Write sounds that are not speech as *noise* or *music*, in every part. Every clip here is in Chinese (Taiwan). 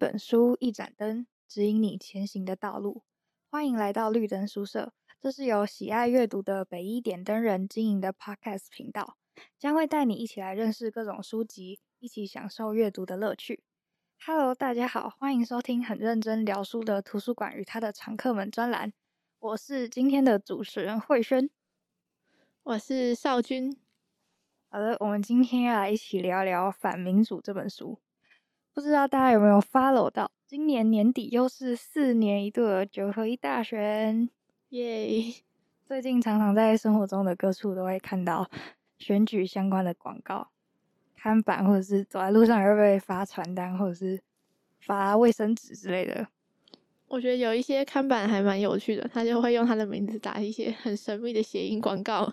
本書一盞燈，指引你前行的道路。歡迎來到綠燈書社，這是由喜愛閱讀的北一點燈人經營的 Podcast 頻道，將會帶你一起來認識各種書籍，一起享受閱讀的樂趣。Hello，大家好，歡迎收聽很認真聊書的圖書館與它的常客們專欄。我是今天的主持人蕙瑄，我是劭均。好了，我們今天要來一起聊聊《反民主》這本書。不知道大家有沒有 follow 到？今年年底又是四年一度的九合一大選，耶！最近常常在生活中的各處都會看到選舉相關的廣告、看板，或者是走在路上會被發傳單，或者是發衛生紙之類的。我覺得有一些看板還蠻有趣的，他就會用他的名字打一些很神秘的諧音廣告。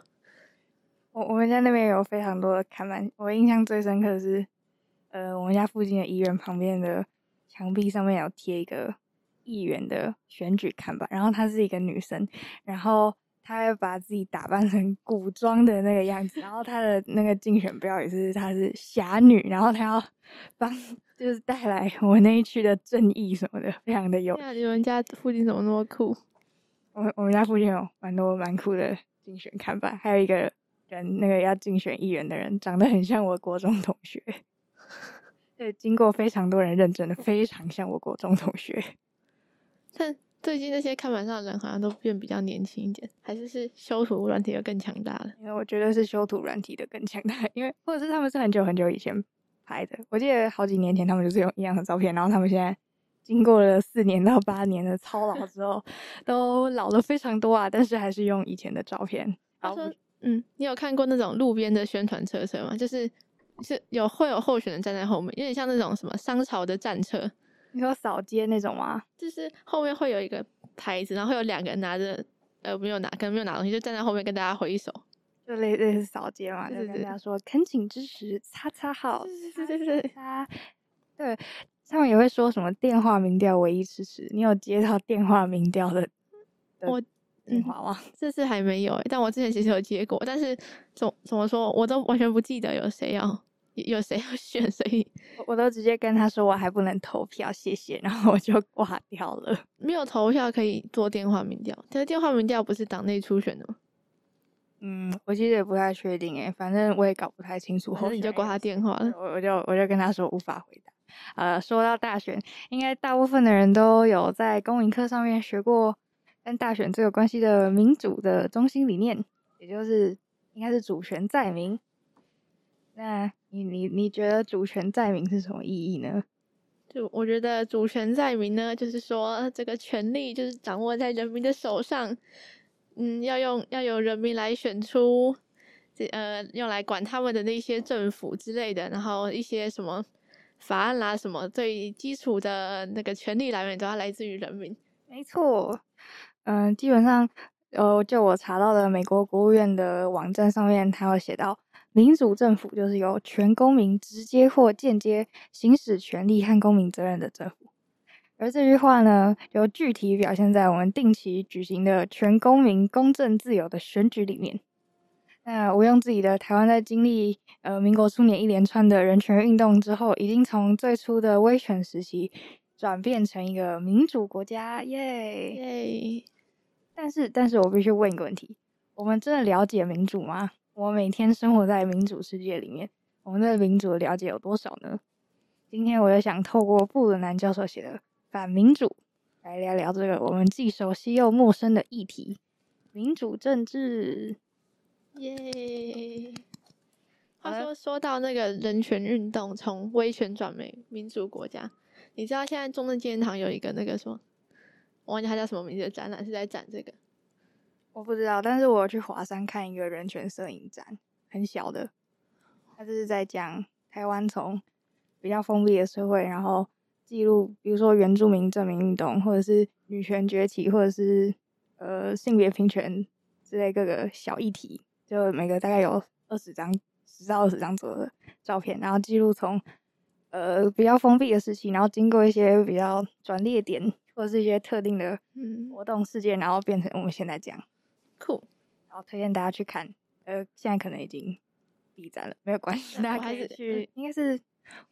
我我們家那邊有非常多的看板，我印象最深刻的是。呃，我們家附近的醫院旁邊的牆壁上面有貼一個議員的選舉看板，然後她是一個女生，然後她會把自己打扮成古裝的那個樣子，然後她的那個競選標語是她是俠女，然後她要幫，就是帶來我那一區的正義什麼的，非常的有。那你們家附近怎麼那麼酷？我們我們家附近有蠻多蠻酷的競選看板，還有一個人，那個要競選議員的人長得很像我國中同學。對，經過非常多人認真的，非常像我國中同學。但最近那些看板上的人好像都變比較年輕一點，還是是修圖軟體的更強大了？因為我覺得是修圖軟體的更強大，因為或者是他們是很久很久以前拍的。我記得好幾年前他們就是用一樣的照片，然後他們現在經過了四年到八年的操勞之後， *laughs* 都老了非常多啊，但是還是用以前的照片。照片他說：“嗯，你有看過那種路邊的宣傳車車嗎？就是。”是有，會有候選人站在後面，有點像那種什麼商朝的戰車。你說掃街那種嗎？就是後面會有一個牌子，然後會有兩個人拿着，呃，沒有拿，可能沒有拿東西，就站在後面跟大家揮手。就類似掃街嘛，是是是，就跟大家說懇請支持，叉叉號，對，他們也會說什麼電話民調唯一支持。你有接到電話民調的？的我，啊、嗯，這次還沒有、欸，但我之前其實有接過，但是怎麼怎麼說，我都完全不記得有誰要。有誰要選，所以我，我都直接跟他說我還不能投票，謝謝，然後我就掛掉了。沒有投票可以做電話民調，但是電話民調不是黨內初選的嗎？嗯，我其實也不太確定誒，欸，反正我也搞不太清楚。然後你就掛他電話了，我我就我就跟他說無法回答。呃，說到大選，應該大部分的人都有在公民課上面學過跟大選最有關係的民主的中心理念，也就是應該是主權在民。那你你你覺得主權在民是什麼意義呢？就我覺得主權在民呢，就是說這個權利就是掌握在人民的手上，嗯，要用要由人民來選出，這呃，用來管他們的那些政府之類的，然後一些什麼法案啦、啊，什麼最基礎的那個權利來源都要來自於人民。沒錯，嗯、呃，基本上，呃，就我查到的美國國務院的網站上面，它有寫到。民主政府就是由全公民直接或間接行使權利和公民責任的政府，而這句話呢，就具體表現在我們定期舉行的全公民公正自由的選舉裡面。那我用自己的台灣在經歷呃民國初年一連串的人權運動之後，已經從最初的威權時期轉變成一個民主國家，耶耶！但是，但是我必須問一個問題：我們真的了解民主嗎？我每天生活在民主世界裡面，我們對民主的了解有多少呢？今天我又想透過布倫南教授寫的《反民主》來聊聊這個我們既熟悉又陌生的議題——民主政治。耶、yeah！話說說到那個人權運動從威權轉為民主國家，你知道現在中正紀念堂有一個那個什麼，我忘記他叫什麼名字的展覽，是在展這個。我不知道，但是我去華山看一個人權攝影展，很小的。他就是在講台灣從比較封閉的社會，然後記錄，比如說原住民正名運動，或者是女權崛起，或者是呃性別平權之類各個小議題，就每個大概有二十張，十到二十張左右的照片，然後記錄從呃比較封閉的時期，然後經過一些比較轉捩點，或者是一些特定的活動事件，嗯，然後變成我們現在這樣。酷、cool.，然後推薦大家去看，呃，現在可能已經閉展了，沒有關係， *laughs* 大家可以去，嗯、應該是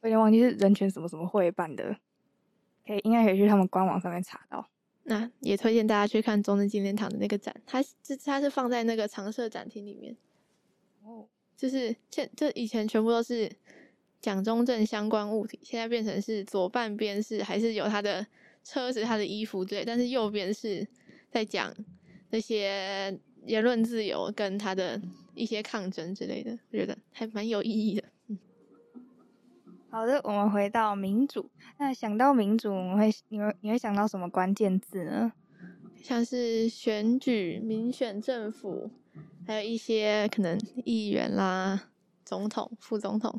我有點忘記是人權什麼什麼會辦的，可以應該可以去他們官網上面查到。那也推薦大家去看中正紀念堂的那個展，它它是，它是放在那個常設展廳裡面，哦、oh. 就是，就是現這以前全部都是蔣中正相關物體，現在變成是左半邊是還是有他的車子、他的衣服之類，但是右邊是在講。那些言論自由跟他的一些抗爭之類的，我覺得還蠻有意義的。好的，我們回到民主。那想到民主，你會你會你會想到什麼關鍵字呢？像是選舉、民選政府，還有一些可能議員啦、總統、副總統，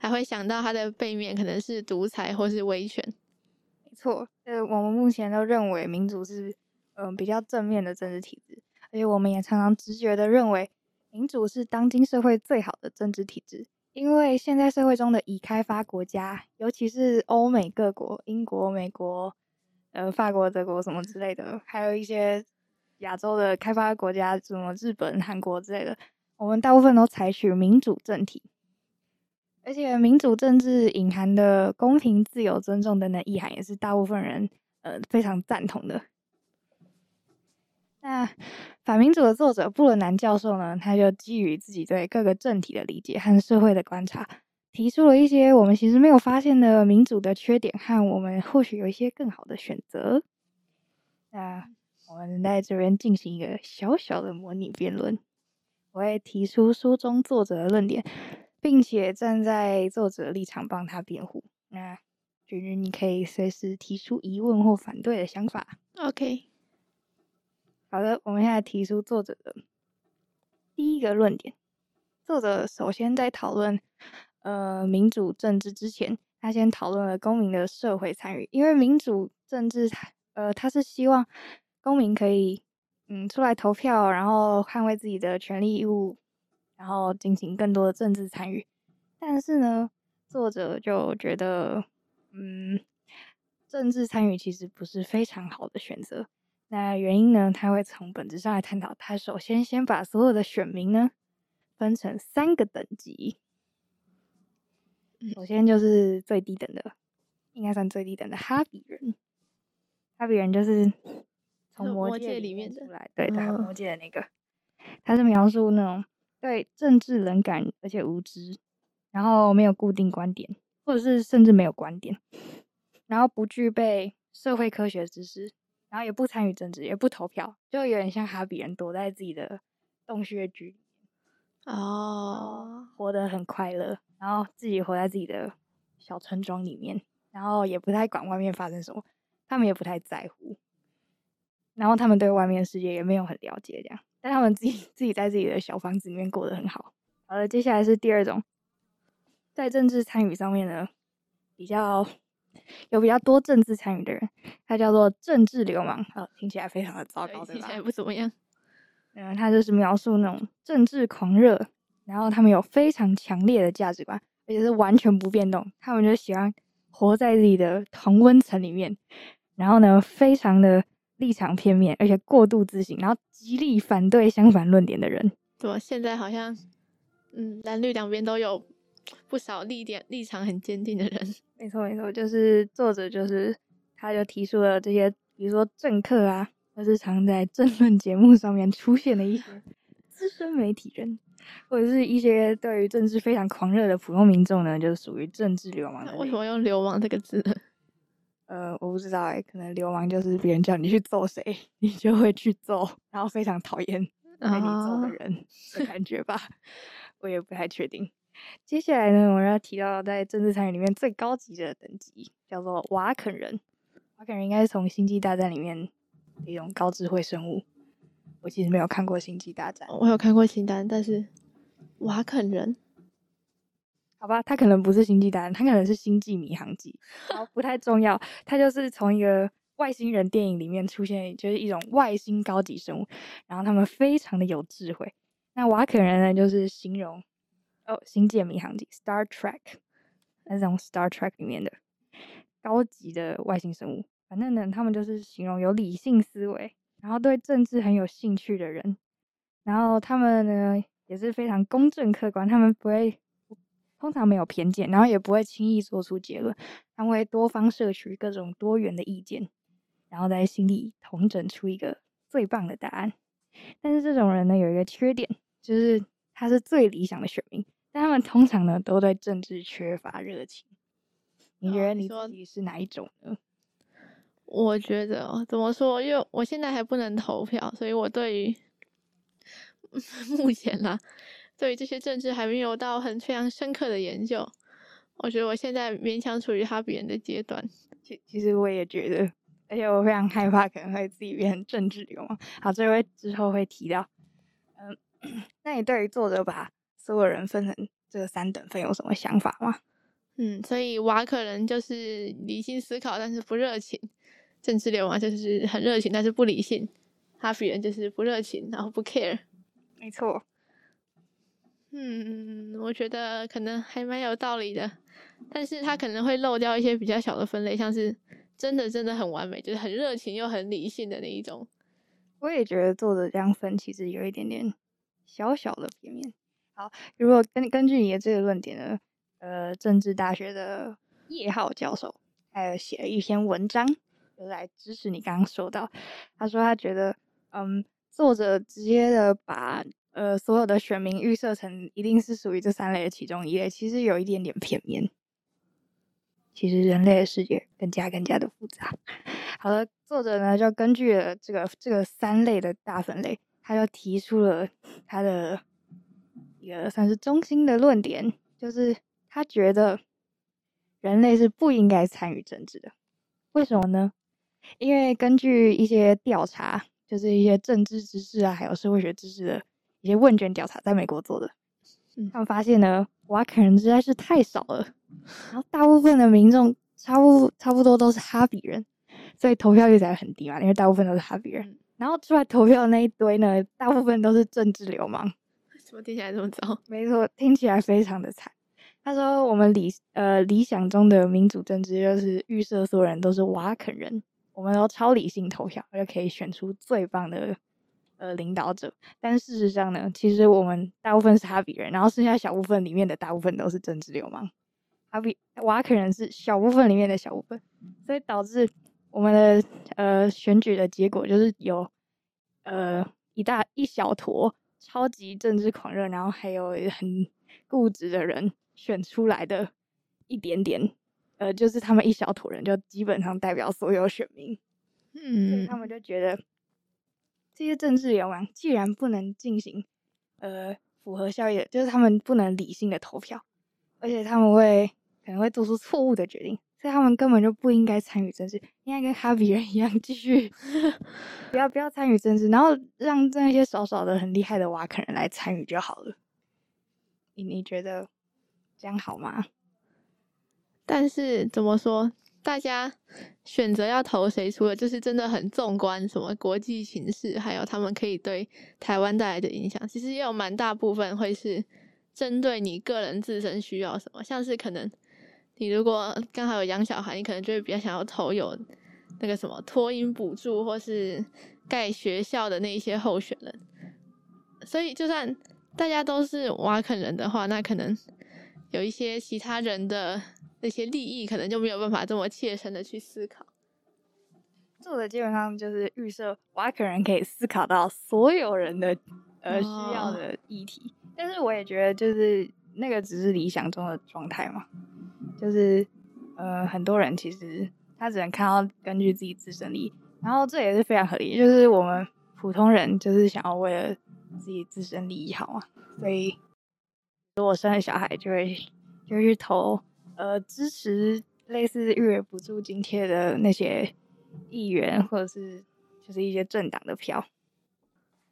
還會想到它的背面可能是獨裁或是威權。沒錯，呃，我們目前都認為民主是。嗯，比較正面的政治體制，而且我們也常常直覺的認為，民主是當今社會最好的政治體制。因為現在社會中的已開發國家，尤其是歐美各國，英國、美國，呃，法國、德國什麼之類的，還有一些亞洲的開發國家，什麼日本、韓國之類的，我們大部分都採取民主政體，而且民主政治隱含的公平、自由、尊重等等意涵，也是大部分人呃非常贊同的。那反民主的作者布倫南教授呢，他就基於自己對各個政體的理解和社會的觀察，提出了一些我們其實沒有發現的民主的缺點，和我們或許有一些更好的選擇。那我們在這邊進行一個小小的模擬辯論，我會提出書中作者的論點，並且站在作者立場幫他辯護。那均均，你可以隨時提出疑問或反對的想法。OK。好的，我們現在提出作者的第一個論點。作者首先在討論呃民主政治之前，他先討論了公民的社會參與，因為民主政治呃他是希望公民可以嗯出來投票，然後捍衛自己的權利義務，然後進行更多的政治參與。但是呢，作者就覺得嗯政治參與其實不是非常好的選擇。那原因呢？他會從本質上來探討。他首先先把所有的選民呢分成三個等級、嗯。首先就是最低等的，應該算最低等的哈比人。哈比人就是從魔界裡面出來，的對的、嗯，魔界的那個。他是描述那種對政治冷感，而且無知，然後沒有固定觀點，或者是甚至沒有觀點，然後不具備社會科學知識。然後也不參與政治，也不投票，就有點像哈比人躲在自己的洞穴居，哦、oh.，活得很快樂，然後自己活在自己的小村莊裡面，然後也不太管外面發生什麼，他們也不太在乎，然後他們對外面的世界也沒有很了解，這樣，但他們自己自己在自己的小房子裡面過得很好。好了，接下來是第二種，在政治參與上面呢，比較。有比較多政治參與的人，他叫做政治流氓，好、哦、聽起來非常的糟糕，對，對吧？聽起來不怎麼樣。嗯，他就是描述那種政治狂熱，然後他們有非常強烈的價值觀，而且是完全不變動。他們就喜歡活在自己的同溫層裡面，然後呢，非常的立場片面，而且過度自信，然後極力反對相反論點的人。對，現在好像嗯，藍綠兩邊都有。不少立點立場很堅定的人，沒錯沒錯，就是作者，就是他就提出了這些，比如說政客啊，或、就是常在政論節目上面出現的一些資深媒體人，或者是一些對於政治非常狂熱的普通民眾呢，就是屬於政治流氓、啊。為什麼用“流氓”這個字？呃，我不知道、欸，可能“流氓”就是別人叫你去揍誰，你就會去揍，然後非常討厭那你揍的人的感覺吧。哦、 *laughs* 我也不太確定。接下來呢，我要提到在政治參與裡面最高級的等級，叫做瓦肯人。瓦肯人應該是從《星際大戰》裡面一種高智慧生物。我其實沒有看過《星際大戰》，我有看過《星丹》，但是瓦肯人，好吧，他可能不是《星際大戰》，他可能是《星際迷航記》，哦，不太重要。 *laughs* 他就是從一個外星人電影裡面出現，就是一種外星高級生物，然後他們非常的有智慧。那瓦肯人呢，就是形容。哦，《星際迷航記》（Star Trek） 那種 Star Trek 裡面的高級的外星生物，反正呢，他們就是形容有理性思維，然後對政治很有興趣的人。然後他們呢，也是非常公正客觀，他們不會，通常沒有偏見，然後也不會輕易做出結論，他們會多方攝取各種多元的意見，然後在心裡統整出一個最棒的答案。但是這種人呢，有一個缺點，就是他是最理想的選民。但他們通常呢，都對政治缺乏熱情。你覺得你自己是哪一種呢？呢、哦？我覺得怎麼說？因為我現在還不能投票，所以我對於目前啦， *laughs* 對於這些政治還沒有到很非常深刻的研究。我覺得我現在勉強處於哈比人的階段。其其實我也覺得，而且我非常害怕可能會自己變成政治流氓。好，這個之後會提到。嗯， *coughs* 那你對於作者吧？所有人分成這個三等分有什麼想法嗎？嗯，所以瓦肯人就是理性思考，但是不熱情；政治流氓就是很熱情，但是不理性；哈比人就是不熱情，然後不 care。沒錯。嗯，我覺得可能還蠻有道理的，但是他可能會漏掉一些比較小的分類，像是真的真的很完美，就是很熱情又很理性的那一種。我也覺得作者這樣分其實有一點點小小的片面。好，如果根根據你的這個論點呢，呃，政治大學的葉浩教授，還有寫了一篇文章，就是，來支持你剛剛說到。他說他覺得，嗯，作者直接的把呃所有的選民預設成一定是屬於這三類的其中一類，其實有一點點片面。其實人類的世界更加更加的複雜。好了，作者呢就根據了這個這個三類的大分類，他就提出了他的一個算是中心的論點，就是他覺得人類是不應該參與政治的。為什麼呢？因為根據一些調查，就是一些政治知識啊，還有社會學知識的一些問卷調查，在美國做的、嗯，他們發現呢，瓦肯人實在是太少了，然後大部分的民眾差不差不多都是哈比人，所以投票率才會很低嘛，因為大部分都是哈比人、嗯，然後出來投票的那一堆呢，大部分都是政治流氓。我聽起來這麼糟，沒錯，聽起來非常的慘。他說：“我們理呃理想中的民主政治，就是預設所有人都是瓦肯人，我們都超理性投票，就可以選出最棒的呃領導者。但事實上呢，其實我們大部分是哈比人，然後剩下小部分裡面的大部分都是政治流氓。哈比，瓦肯人是小部分裡面的小部分，所以導致我們的呃選舉的結果就是有呃一大一小坨。”超級政治狂熱，然後還有很固執的人選出來的一點點，呃，就是他們一小撮人就基本上代表所有選民，嗯，所以他們就覺得這些政治流氓既然不能進行呃符合效益的，就是他們不能理性的投票，而且他們會可能會做出錯誤的決定。但他們根本就不應該參與政治，應該跟哈比人一樣繼續，不要不要參與政治，然後讓這些少少的很厲害的瓦肯人來參與就好了。你你覺得這樣好嗎？但是怎麼說，大家選擇要投誰，除了就是真的很縱觀什麼國際形勢，還有他們可以對台灣帶來的影響，其實也有蠻大部分會是針對你個人自身需要什麼，像是可能。你如果剛好有養小孩，你可能就會比較想要投有那個什麼托嬰補助，或是蓋學校的那些候選人。所以，就算大家都是瓦肯人的話，那可能有一些其他人的那些利益，可能就沒有辦法這麼切身的去思考。作者基本上就是預設瓦肯人可以思考到所有人的呃需要的議題，wow. 但是我也覺得就是那個只是理想中的狀態嘛。就是，呃，很多人其實他只能看到根據自己自身利益，然後這也是非常合理。就是我們普通人就是想要為了自己自身利益，好啊，所以如果生了小孩就，就會就去投呃支持類似育兒補助津貼的那些議員，或者是就是一些政黨的票。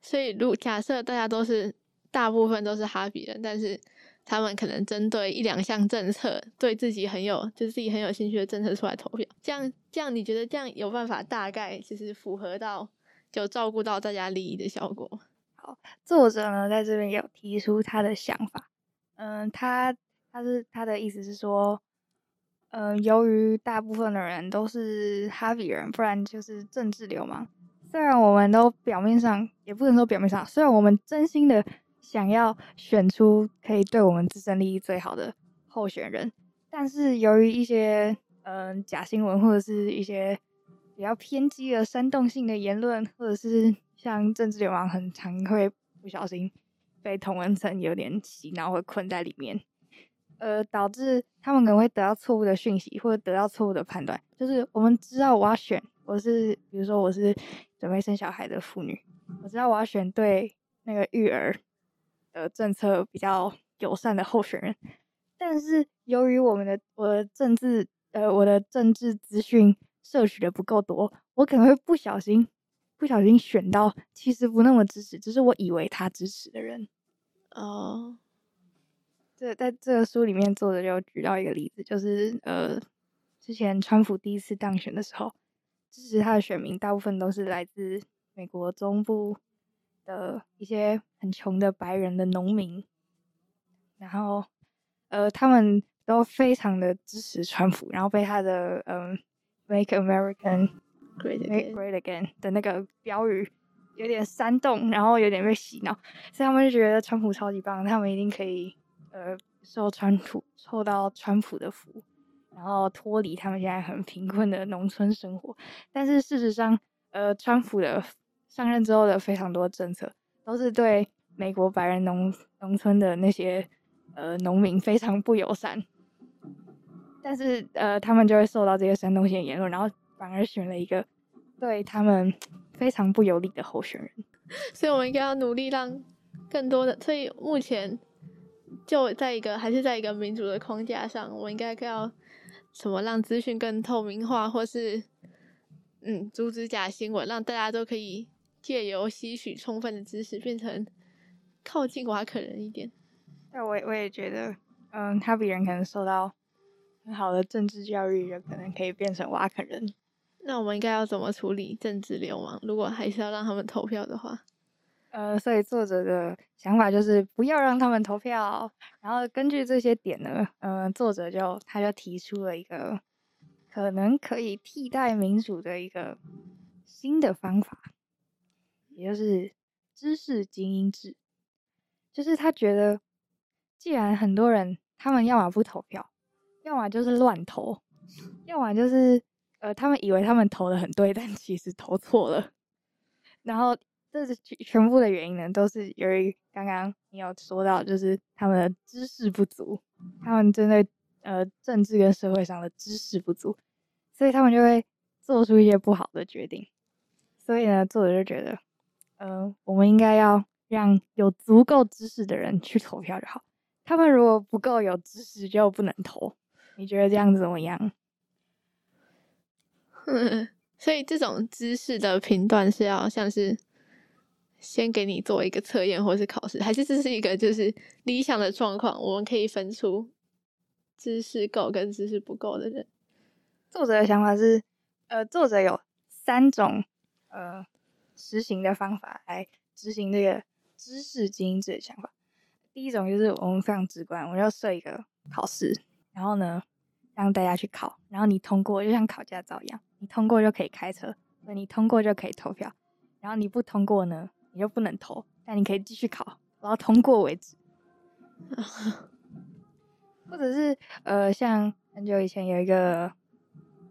所以，如假設大家都是大部分都是哈比人，但是。他們可能針對一兩項政策，對自己很有就是自己很有興趣的政策出來投票，這樣這樣你覺得這樣有辦法大概就是符合到就照顧到大家利益的效果？好，作者呢，在這邊有提出他的想法，嗯，他他是他的意思是說，嗯，由於大部分的人都是哈比人，不然就是政治流氓。雖然我們都表面上也不能說表面上，雖然我們真心的。想要選出可以對我們自身利益最好的候選人，但是由於一些嗯、呃、假新聞或者是一些比較偏激的煽動性的言論，或者是像政治流氓很常會不小心被同文層有點洗腦，然後會困在裡面，呃，導致他們可能會得到錯誤的訊息或者得到錯誤的判斷。就是我們知道我要選我是，比如說我是準備生小孩的婦女，我知道我要選對那個育兒。呃，政策比較友善的候選人，但是由於我們的我的政治呃我的政治資訊攝取的不夠多，我可能會不小心不小心選到其實不那麼支持，只是我以為他支持的人。哦、oh.，這在這個書裡面作者就舉到一個例子，就是呃，之前川普第一次當選的時候，支持他的選民大部分都是來自美國中部。呃，一些很窮的白人的農民，然後，呃，他們都非常的支持川普，然後被他的嗯 “Make American great, great Again” 的那個標語有點煽動，然後有點被洗腦，所以他們就覺得川普超級棒，他們一定可以呃受川普受到川普的福，然後脫離他們現在很貧困的農村生活。但是事實上，呃，川普的上任之後的非常多政策都是對美國白人農農村的那些呃農民非常不友善，但是呃他們就會受到這些煽動性言論，然後反而選了一個對他們非常不有利的候選人，所以我們應該要努力讓更多的，所以目前就在一個還是在一個民主的框架上，我應該要什麼讓資訊更透明化，或是嗯阻止假新聞，讓大家都可以。借由吸取充分的知識，變成靠近瓦肯人一點。那我我也覺得，嗯，哈比人可能受到很好的政治教育，也可能可以變成瓦肯人。那我們應該要怎麼處理政治流氓？如果還是要讓他們投票的話，呃，所以作者的想法就是不要讓他們投票。然後根據這些點呢，呃，作者就他就提出了一個可能可以替代民主的一個新的方法。也就是知識精英制，就是他覺得，既然很多人他們要麼不投票，要麼就是亂投，要麼就是呃，他們以為他們投的很對，但其實投錯了。然後這是全全部的原因呢，都是由於剛剛你有說到，就是他們的知識不足，他們針對呃政治跟社會上的知識不足，所以他們就會做出一些不好的決定。所以呢，作者就覺得。嗯，呃，我們應該要讓有足夠知識的人去投票就好。他們如果不夠有知識，就不能投。你覺得這樣怎麼樣？嗯，所以，這種知識的評斷是要像是先給你做一個測驗或是考試，還是這是一個就是理想的狀況？我們可以分出知識夠跟知識不夠的人。作者的想法是：呃，作者有三種，呃。實行的方法來執行這個知識精英制的想法。第一種就是我們非常直觀，我們要設一個考試，然後呢，讓大家去考，然後你通過，就像考駕照一樣，你通過就可以開車，你通過就可以投票，然後你不通過呢，你就不能投，但你可以繼續考，直到通過為止。 *laughs* 或者是呃，像很久以前有一個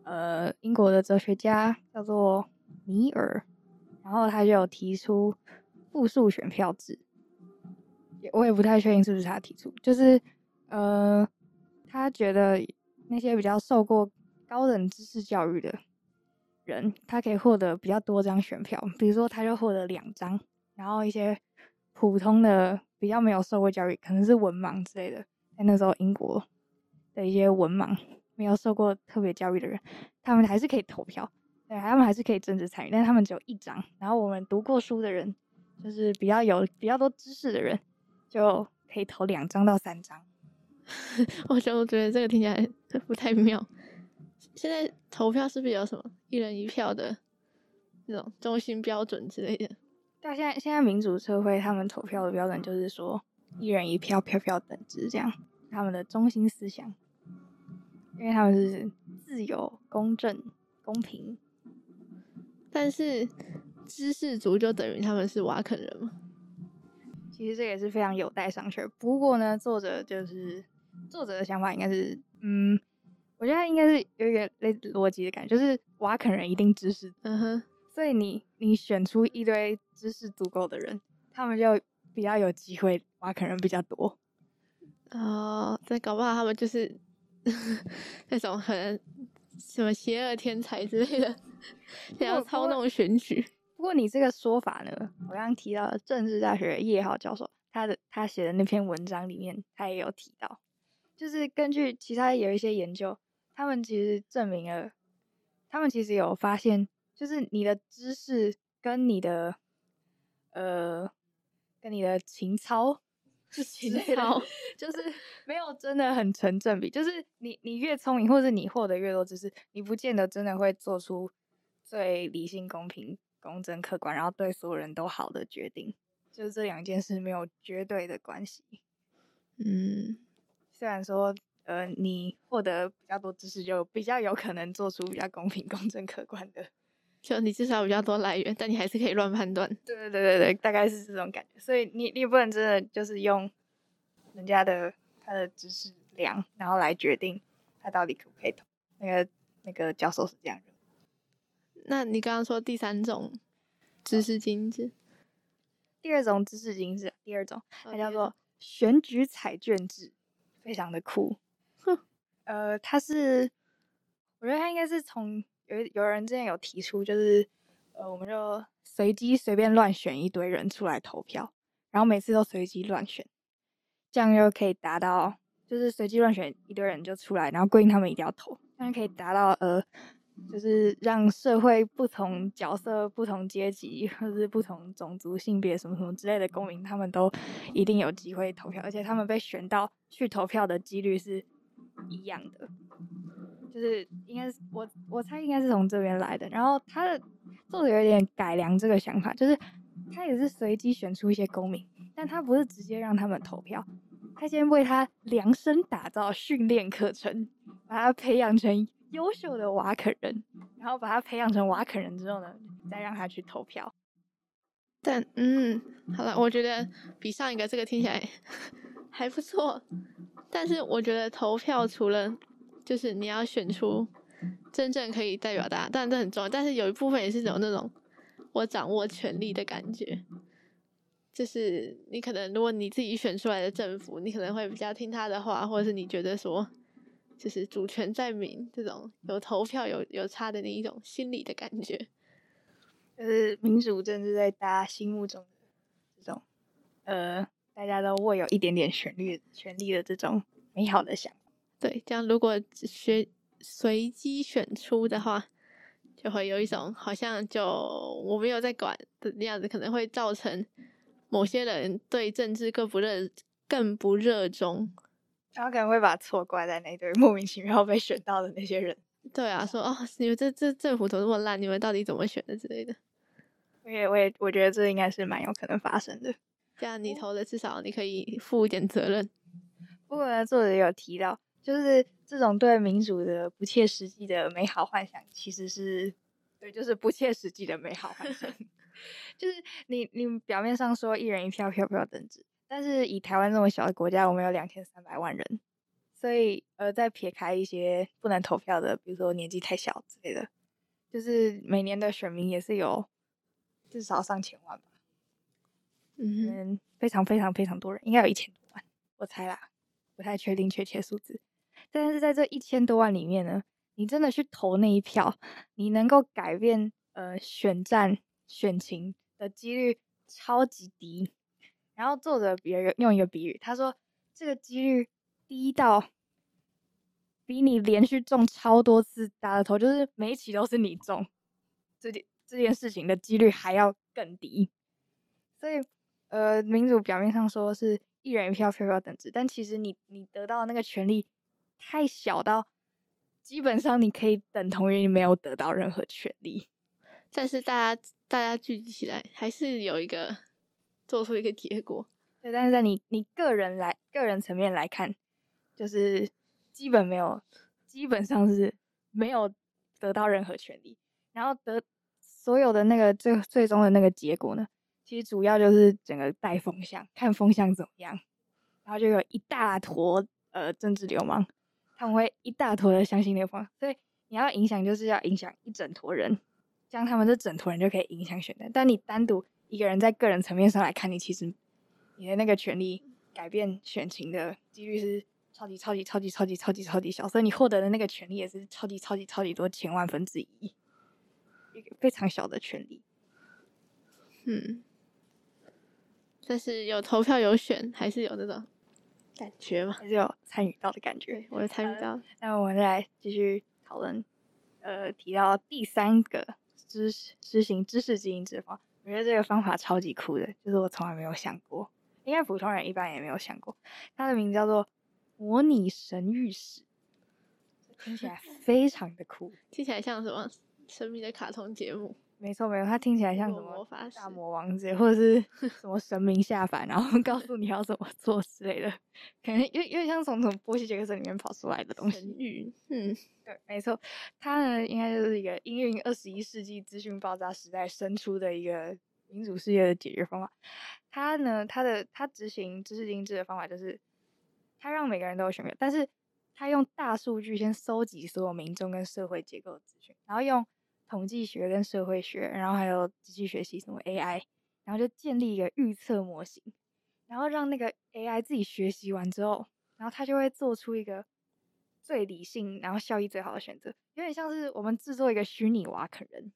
呃英國的哲學家叫做彌爾。然後他就有提出複數選票制，也，我也不太確定是不是他提出，就是，呃，他覺得那些比較受過高等知識教育的人，他可以獲得比較多張選票，比如說他就獲得兩張，然後一些普通的比較沒有受過教育，可能是文盲之類的，在那時候英國的一些文盲，沒有受過特別教育的人，他們還是可以投票。對，他們還是可以政治參與，但是他們只有一張。然後我們讀過書的人，就是比較有比較多知識的人，就可以投兩張到三張。 *laughs* 我就覺得這個聽起來不太妙。現在投票是不是有什麼一人一票的這種中心標準之類的？但現在現在民主社會他們投票的標準就是說一人一票，票票等值，就是，這樣，他們的中心思想，因為他們是自由、公正、公平。但是，知識族就等於他們是瓦肯人嘛。其實這也是非常有待商榷。不過呢，作者就是作者的想法應該是，嗯，我覺得他應該是有一個類似邏輯的感覺，就是瓦肯人一定知識，嗯哼。所以你你選出一堆知識足夠的人，他們就比較有機會瓦肯人比較多。哦，對，搞不好他們就是呵呵那種很什麼邪惡天才之類的。要操弄選舉。不過，不過你這個說法呢？我剛提到的政治大學葉浩教授，他的他寫的那篇文章裡面，他也有提到，就是根據其他有一些研究，他們其實證明了，他們其實有發現，就是你的知識跟你的呃，跟你的情操的，是情操就是沒有真的很成正比。就是你你越聰明，或是你獲得越多知識，你不見得真的會做出。最理性、公平、公正、客觀，然後對所有人都好的決定，就是這兩件事沒有絕對的關係。嗯，雖然說，呃，你獲得比較多知識，就比較有可能做出比較公平、公正、客觀的，就你至少比較多來源，但你還是可以亂判斷。對對對對對，大概是這種感覺。所以你你不能真的就是用人家的他的知識量，然後來決定他到底可不可以投。那個那個教授是這樣。那你剛剛說第三種知識菁英制，第二種知識菁英制，第二種，okay. 它叫做選舉彩券制，非常的酷哼。呃，它是，我覺得它應該是從有有，人之前有提出，就是呃，我們就隨機隨便亂選一堆人出來投票，然後每次都隨機亂選，這樣就可以達到，就是隨機亂選一堆人就出來，然後規定他們一定要投，這樣可以達到呃。就是讓社會不同角色、不同階級，或者是不同種族、性別什麼什麼之類的公民，他們都一定有機會投票，而且他們被選到去投票的幾率是一樣的。就是應該是我我猜應該是從這邊來的。然後他的作者有點改良這個想法，就是他也是隨機選出一些公民，但他不是直接讓他們投票，他先為他量身打造訓練課程，把他培養成。優秀的瓦肯人，然後把他培養成瓦肯人之後呢，再讓他去投票。但嗯，好了，我覺得比上一個這個聽起來還不錯。但是我覺得投票除了就是你要選出真正可以代表他，當然這很重要。但是有一部分也是有那種我掌握權力的感覺，就是你可能如果你自己選出來的政府，你可能會比較聽他的話，或者是你覺得說。就是主權在民這種有投票有有差的那一種心理的感覺，就是民主政治在大家心目中的這種呃大家都握有一點點權利權利的這種美好的想。對，這樣如果學隨機選出的話，就會有一種好像就我沒有在管的樣子，可能會造成某些人對政治更不熱更不熱衷。然後可能會把錯怪在那堆莫名其妙被選到的那些人。對啊，說哦，你們這這政府投這麼爛，你們到底怎麼選的之類的。我也，我也，我覺得這應該是蠻有可能發生的。這樣你投的至少你可以負一點責任。不過呢，作者也有提到，就是這種對民主的不切實際的美好幻想，其實是，對，就是不切實際的美好幻想。 *laughs* 就是你，你表面上說一人一票，票票等值。但是以台灣這麼小的國家，我們有兩千三百萬人，所以呃，再撇開一些不能投票的，比如說年紀太小之類的，就是每年的選民也是有至少上千萬吧，嗯，非常非常非常多人，應該有一千多萬，我猜啦，不太確定確切數字。但是在這一千多萬裡面呢，你真的去投那一票，你能夠改變呃選戰選情的幾率超級低。然後作者比喻用一個比喻，他說這個幾率低到比你連續中超多次大的頭，就是每一期都是你中，這件這件事情的幾率還要更低。所以，呃，民主表面上說是一人一票票票等值，但其實你你得到的那個權利太小到基本上你可以等同於你沒有得到任何權利。但是大家大家聚集起來還是有一個。做出一個結果，對，但是在你你個人來個人層面來看，就是基本沒有，基本上是沒有得到任何權利。然後得所有的那個最最終的那個結果呢，其實主要就是整個帶風向，看風向怎麼樣。然後就有一大坨呃政治流氓，他們會一大坨的相信流氓，所以你要影響就是要影響一整坨人，將他們這整坨人就可以影響選擇，但你單獨。一個人在個人層面上來看你，你其實你的那個權利改變選情的幾率是超級超級超級超級超級超級小，所以你獲得的那個權利也是超級超級超級多，千萬分之一，一個非常小的權利。嗯，但是有投票有選，還是有這種感覺嘛？就有參與到的感覺。對，我是參與到、嗯。那我們來繼續討論，呃，提到第三個知實行知識菁英制之法。我覺得這個方法超級酷的，就是我從來沒有想過，應該普通人一般也沒有想過。它的名叫做“模擬神諭使”，聽起來非常的酷，聽起來像什麼神秘的卡通節目。沒錯，沒錯，它聽起來像什麼大魔王子或者是什麼神明下凡，然後告訴你要怎麼做之類的，可能因為有點像從從波西傑克遜裡面跑出來的東西。嗯，對，沒錯，他呢應該就是一個應運二十一世紀資訊爆炸時代生出的一個民主事業的解決方法。他呢，他的他執行知識菁英制的方法就是，他讓每個人都有選擇，但是他用大數據先收集所有民眾跟社會結構的資訊，然後用。統計學跟社會學，然後還有機器學習，什麼 AI，然後就建立一個預測模型，然後讓那個 AI 自己學習完之後，然後它就會做出一個最理性，然後效益最好的選擇。有點像是我們製作一個虛擬瓦肯人，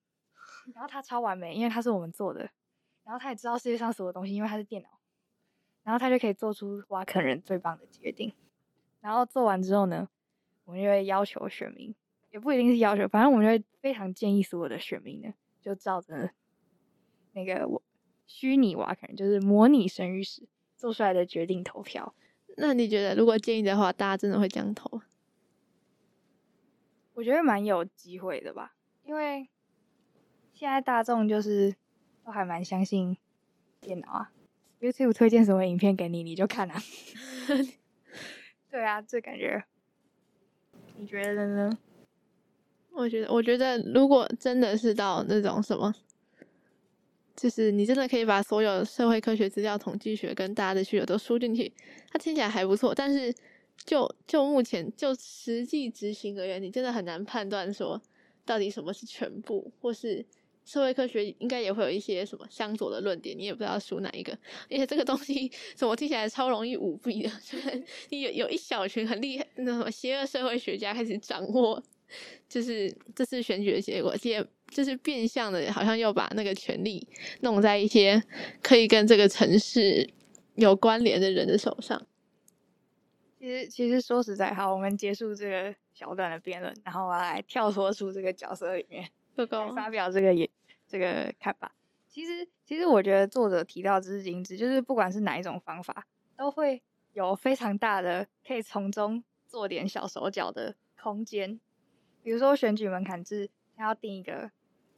然後他超完美，因為他是我們做的，然後他也知道世界上所有東西，因為他是電腦，然後他就可以做出瓦肯人最棒的決定。然後做完之後呢，我們就會要求選民。也不一定是要求，反正我覺得非常建議所有的選民呢，就照着那個我虛擬娃，可能就是模擬神諭做出來的決定投票。那你覺得，如果建議的話，大家真的會這樣投？我覺得蠻有機會的吧，因為現在大眾就是都還蠻相信電腦啊，YouTube 推薦什麼影片給你，你就看啊。 *laughs* *laughs* 對啊，這感覺，你覺得呢？我覺得，我覺得，如果真的是到那種什麼，就是你真的可以把所有社會科學資料、統計學跟大家的需要都輸進去，它聽起來還不錯。但是就，就就目前就實際執行而言，你真的很難判斷說到底什麼是全部，或是社會科學應該也會有一些什麼相左的論點，你也不知道輸哪一個。而且這個東西怎麼聽起來超容易舞弊的，就是你有 *laughs* 有一小群很厲害那什麼邪惡社會學家開始掌握。就是這次選舉的結果，變就是變相的，好像又把那個權力弄在一些可以跟這個城市有關聯的人的手上。其實，其實說實在，哈，我們結束這個小段的辯論，然後我來跳脫出這個角色裡面，發表這個也這個看法。其實，其實我覺得作者提到資金子，就是不管是哪一種方法，都會有非常大的可以從中做點小手腳的空間。比如說選舉門檻制，他要定一個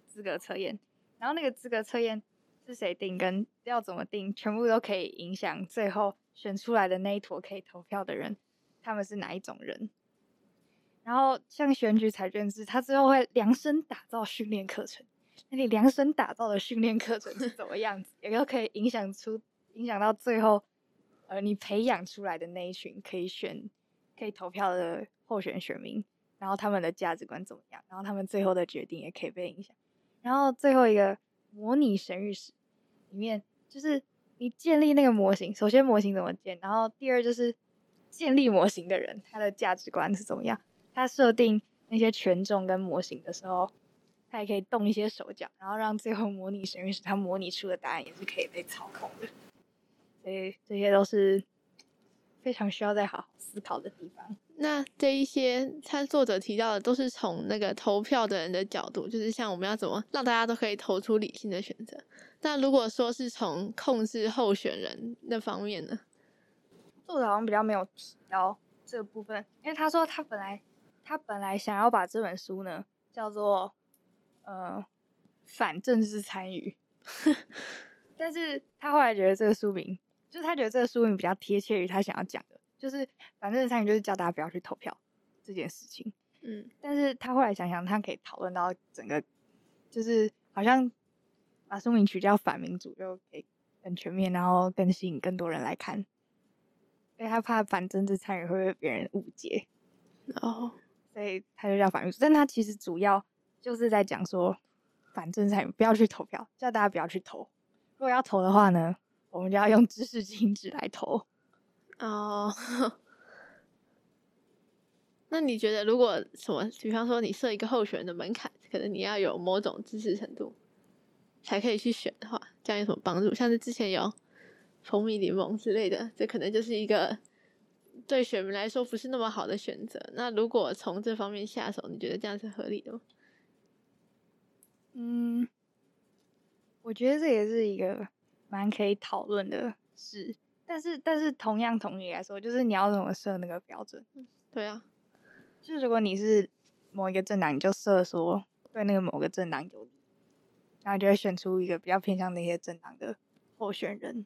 資格測驗，然後那個資格測驗是誰定，跟要怎麼定，全部都可以影響最後選出來的那一坨可以投票的人，他們是哪一種人。然後像選舉裁決制，他最後會量身打造訓練課程，那你量身打造的訓練課程是怎麼樣子？ *laughs* 也都可以影響出影響到最後，呃，你培養出來的那一群可以選可以投票的候選選民。然後他們的價值觀怎麼樣？然後他們最後的決定也可以被影響。然後最後一個模擬神諭，室裡面就是你建立那個模型，首先模型怎麼建，然後第二就是建立模型的人，他的價值觀是怎麼樣，他設定那些權重跟模型的時候，他也可以動一些手腳，然後讓最後模擬神諭室他模擬出的答案也是可以被操控的。所以這些都是非常需要再好好思考的地方。那這一些，他作者提到的都是從那個投票的人的角度，就是像我們要怎麼讓大家都可以投出理性的選擇。但如果說是從控制候選人那方面呢？作者好像比較沒有提到這部分，因為他說他本來他本來想要把這本書呢叫做呃反政治參與， *laughs* 但是他後來覺得這個書名，就是他覺得這個書名比較貼切於他想要講的。就是反政治參與，就是叫大家不要去投票這件事情，嗯，但是他後來想想，他可以討論到整個，就是好像把書名取叫反民主，就可以很全面，然後更吸引更多人來看。因為他怕反政治參與會，會被別人誤解，然、no、後，所以他就叫反民主，但他其實主要就是在講說反政治參與不要去投票，叫大家不要去投。如果要投的話呢，我們就要用知識菁英制來投。哦、oh, *laughs* 那你覺得如果什麼，比方說你設一個候選人的門檻，可能你要有某種知識程度才可以去選的話，這樣有什麼幫助？像是之前有蜂蜜檸檬之類的，這可能就是一個對選民來說不是那麼好的選擇。那如果從這方面下手，你覺得這樣是合理的嗎？嗯，我覺得這也是一個蠻可以討論的事。但是，但是同樣同理來說，就是你要怎麼設那個標準？對啊，就是如果你是某一個政黨，你就設說對那個某個政黨有利，然後就會選出一個比較偏向那些政黨的候選人。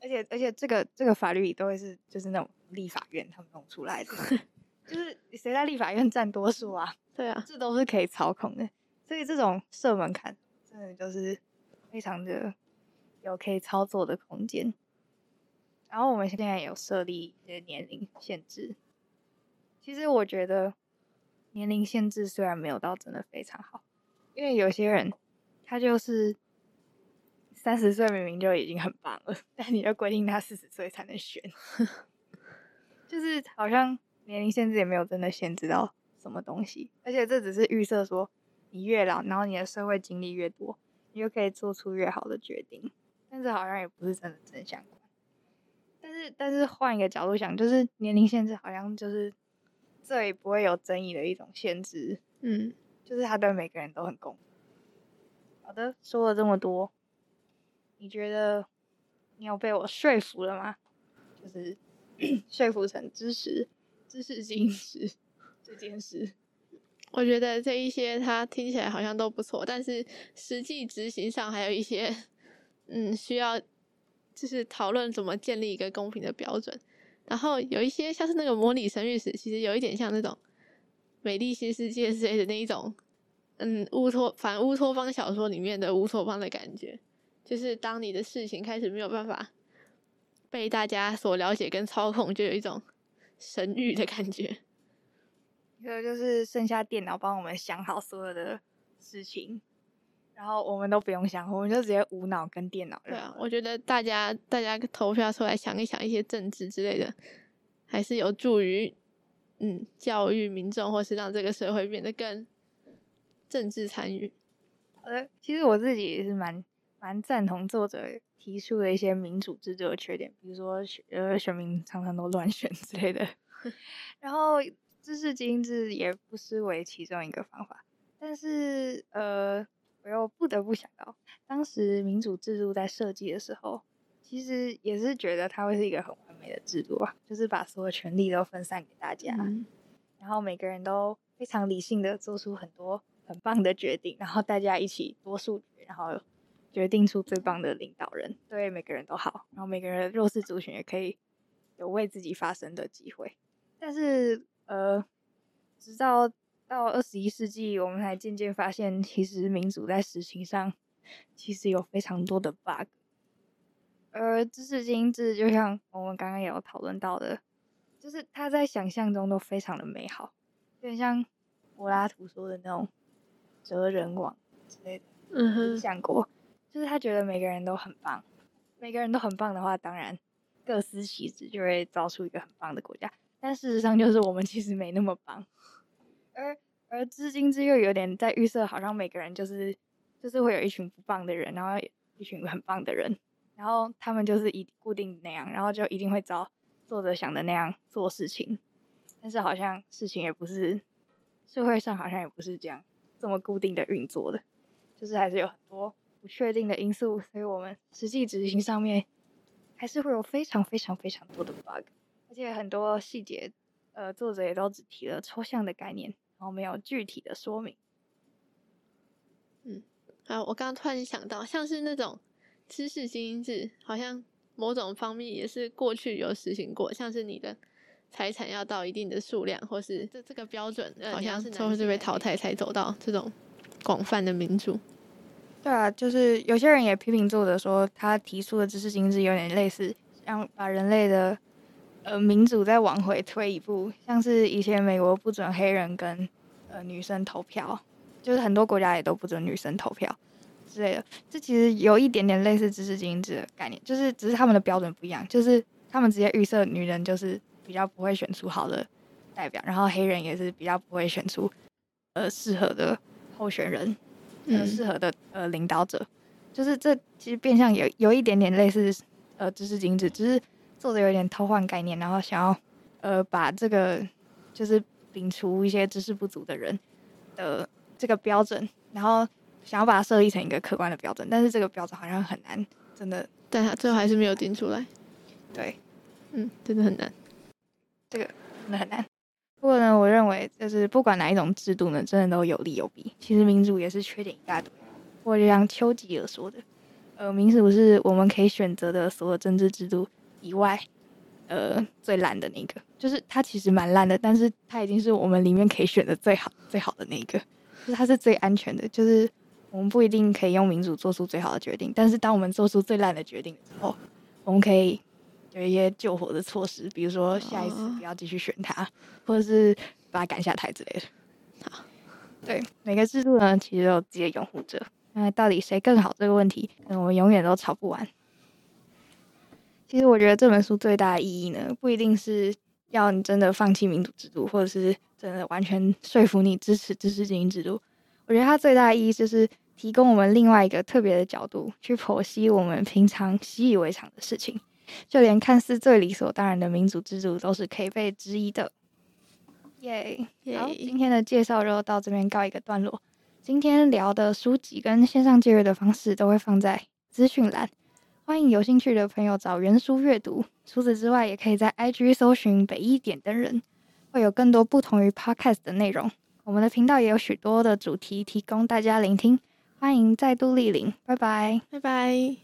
而且，而且這個這個法律都會是就是那種立法院他們弄出來的， *laughs* 就是誰在立法院佔多數啊？對啊，這都是可以操控的。所以這種設門檻真的就是非常的。有可以操作的空間，然後我們現在有設立一些年齡限制。其實我覺得，年齡限制雖然沒有到真的非常好，因為有些人他就是三十歲明明就已經很棒了，但你要規定他四十歲才能選，就是好像年齡限制也沒有真的限制到什麼東西。而且這只是預設說你越老，然後你的社會經歷越多，你就可以做出越好的決定。但是好像也不是真的真相。但是，但是換一個角度想，就是年齡限制好像就是最不會有爭議的一種限制。嗯，就是他對每個人都很公平。好的，說了這麼多，你覺得你有被我說服了嗎？就是 *coughs* 說服成知識、知識、菁英制這件事。我覺得這一些他聽起來好像都不錯，但是實際執行上還有一些。嗯，需要就是討論怎麼建立一個公平的標準，然後有一些像是那個模擬神諭史，其實有一點像那種《美麗新世界》之類的那一種，嗯，烏托反烏托邦小說裡面的烏托邦的感覺，就是當你的事情開始沒有辦法被大家所了解跟操控，就有一種神諭的感覺。一個就是剩下電腦幫我們想好所有的事情。然後我們都不用想，我們就直接無腦跟電腦。對啊，我覺得大家大家投票出來想一想一些政治之類的，還是有助於嗯教育民眾或是讓這個社會變得更政治參與。呃，其實我自己也是蠻蠻贊同作者提出的一些民主制度的缺點，比如說呃選民常常都亂選之類的。 *laughs* 然後知識菁英制也不失為其中一個方法，但是呃。我又不得不想到，當時民主制度在設計的時候，其實也是覺得它會是一個很完美的制度吧，啊，就是把所有權力都分散給大家，嗯，然後每個人都非常理性地做出很多很棒的決定，然後大家一起多數決，然後決定出最棒的領導人，對每個人都好，然後每個人的弱勢族群也可以有為自己發聲的機會。但是，呃，直到。到二十一世紀，我們才漸漸發現，其實民主在實情上其實有非常多的 bug。而知識菁英制，就像我們剛剛也有討論到的，就是他在想象中都非常的美好，有點像柏拉圖說的那種哲人王之類的哼想過，就是他覺得每個人都很棒，每個人都很棒的話，當然各司其職就會造出一個很棒的國家。但事實上，就是我們其實沒那麼棒。而而至今之又有點，在預設，好像每個人就是就是會有一群不棒的人，然後一群很棒的人，然後他們就是一固定那樣，然後就一定會找作者想的那樣做事情。但是好像事情也不是社會上好像也不是這樣這麼固定的運作的，就是還是有很多不確定的因素，所以我們實際執行上面還是會有非常非常非常多的 bug，而且很多細節，呃，作者也都只提了抽象的概念。我沒有具體的說明。嗯，啊，我剛剛突然想到，像是那種知識精英制，好像某種方面也是過去有實行過，像是你的財產要到一定的數量，或是這這個標準，嗯、好像是最後，是被淘汰才走到這種廣泛的民主。對啊，就是有些人也批評作者說，他提出的知識菁英制有點類似，像把人類的。呃，民主再往回推一步，像是以前美國不准黑人跟呃女生投票，就是很多國家也都不准女生投票之類的。這其實有一點點類似知識菁英制的概念，就是只是他們的標準不一樣，就是他們直接預設女人就是比較不會選出好的代表，然後黑人也是比較不會選出呃適合的候選人，呃適合的呃領導者。就是這其實變相有有一點點類似呃知識菁英制，只是。做的有點偷換概念，然後想要呃把這個就是摒除一些知識不足的人的這個標準，然後想要把它設立成一個客觀的標準，但是這個標準好像很難，真的，但他最後還是沒有定出來。對，嗯，真的很難，這個真的很難。不過呢，我認為就是不管哪一種制度呢，真的都有利有弊。其實民主也是缺點一大堆。或者像丘吉爾說的，呃，民主是我們可以選擇的所有政治制度以外，呃，最爛的那個，就是它其實蠻爛的，但是它已經是我們裡面可以選的最好最好的那一個，就是它是最安全的。就是我們不一定可以用民主做出最好的決定，但是當我們做出最爛的決定之後，我們可以有一些救火的措施，比如說下一次不要繼續選他，或者是把他趕下台之類的。好，對，每個制度呢，其實都有自己的擁護者，那到底誰更好這個問題，我們永遠都吵不完。其實我覺得這本書最大的意義呢，不一定是要你真的放棄民主制度，或者是真的完全說服你支持知識精英制度。我覺得它最大的意義就是提供我們另外一個特別的角度，去剖析我們平常習以為常的事情，就連看似最理所當然的民主制度，都是可以被質疑的。耶、耶！好，今天的介紹就到這邊告一個段落。今天聊的書籍跟線上借閱的方式都會放在資訊欄。歡迎有興趣的朋友找原書閱讀。除此之外，也可以在 IG 搜尋“北一點燈人”，會有更多不同於 Podcast 的內容。我們的頻道也有許多的主題提供大家聆聽。歡迎再度蒞臨，拜拜，拜拜。